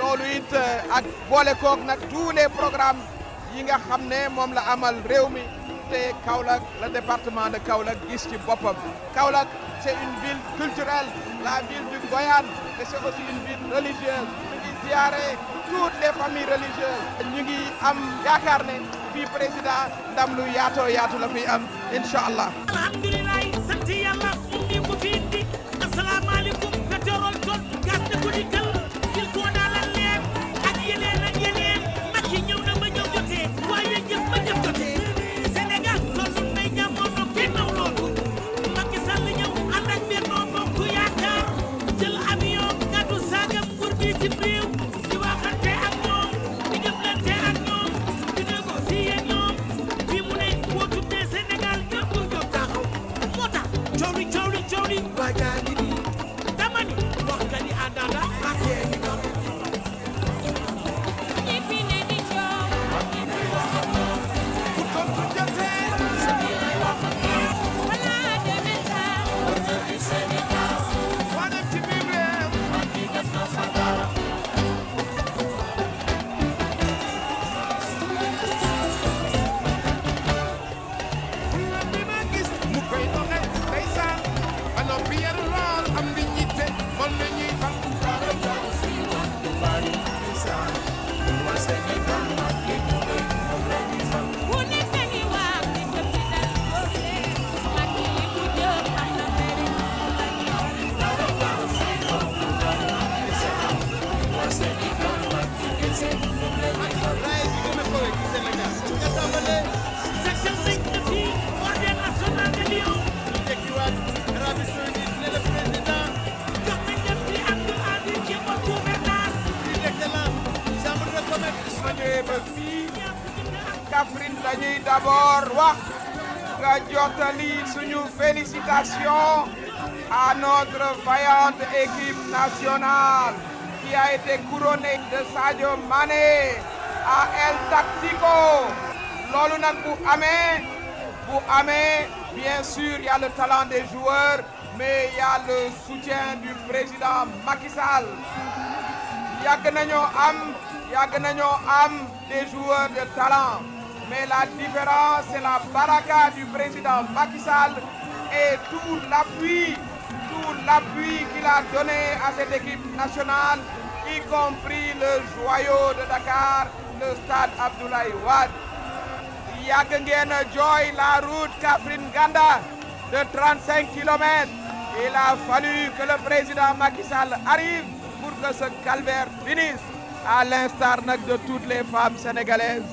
Nous avons eh, ak tous les programmes yi nga été mom la amal rewmi Kaolack le département de Kaolack gis ci bopam Kaolack c'est une ville culturelle la ville du Goyane et c'est aussi une ville religieuse Nous ngi toutes les familles religieuses Nous ngi am yakarne, ne président ndam lu yato yaatu la fi am inshallah Kaffrine dañuy d'abord wax nga jottali suñu félicitations à notre vaillante équipe nationale été couronné de Sadio Mané à El Tactico Lolo bien sûr il y a le talent des joueurs mais il y a le soutien du président Macky Sall y a am que des joueurs de talent mais la différence c'est la baraka du président Macky Sall et tout l'appui tout l'appui qu'il a donné à cette équipe nationale y compris le joyau de Dakar, le stade Abdoulaye Wade. Yakengen joye la route caprine ganda de 35 km. Il a fallu que le président Macky Sall arrive pour que ce calvaire finisse. à l'instar de toutes les femmes sénégalaises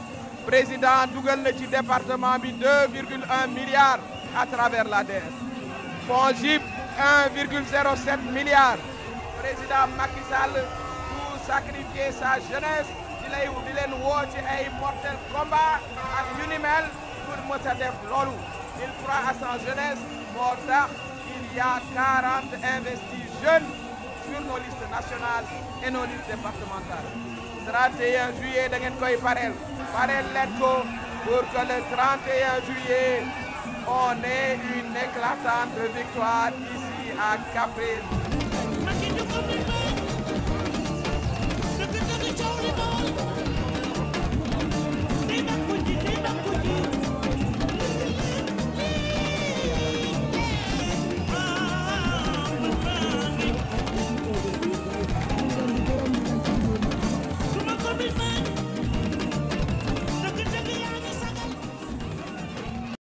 président Dougal le département bi 2,1 milliards à travers la Fonds 1,07 milliard président Macky Sall sacrifier sa jeunesse il a eu une mortel combat à l'unimel pour il croit à sa jeunesse Pour il y a 40 investis jeunes sur nos listes nationales et nos listes départementales 31 juillet de koy pour que le 31 juillet on ait une éclatante victoire ici à Kaffrine Lord.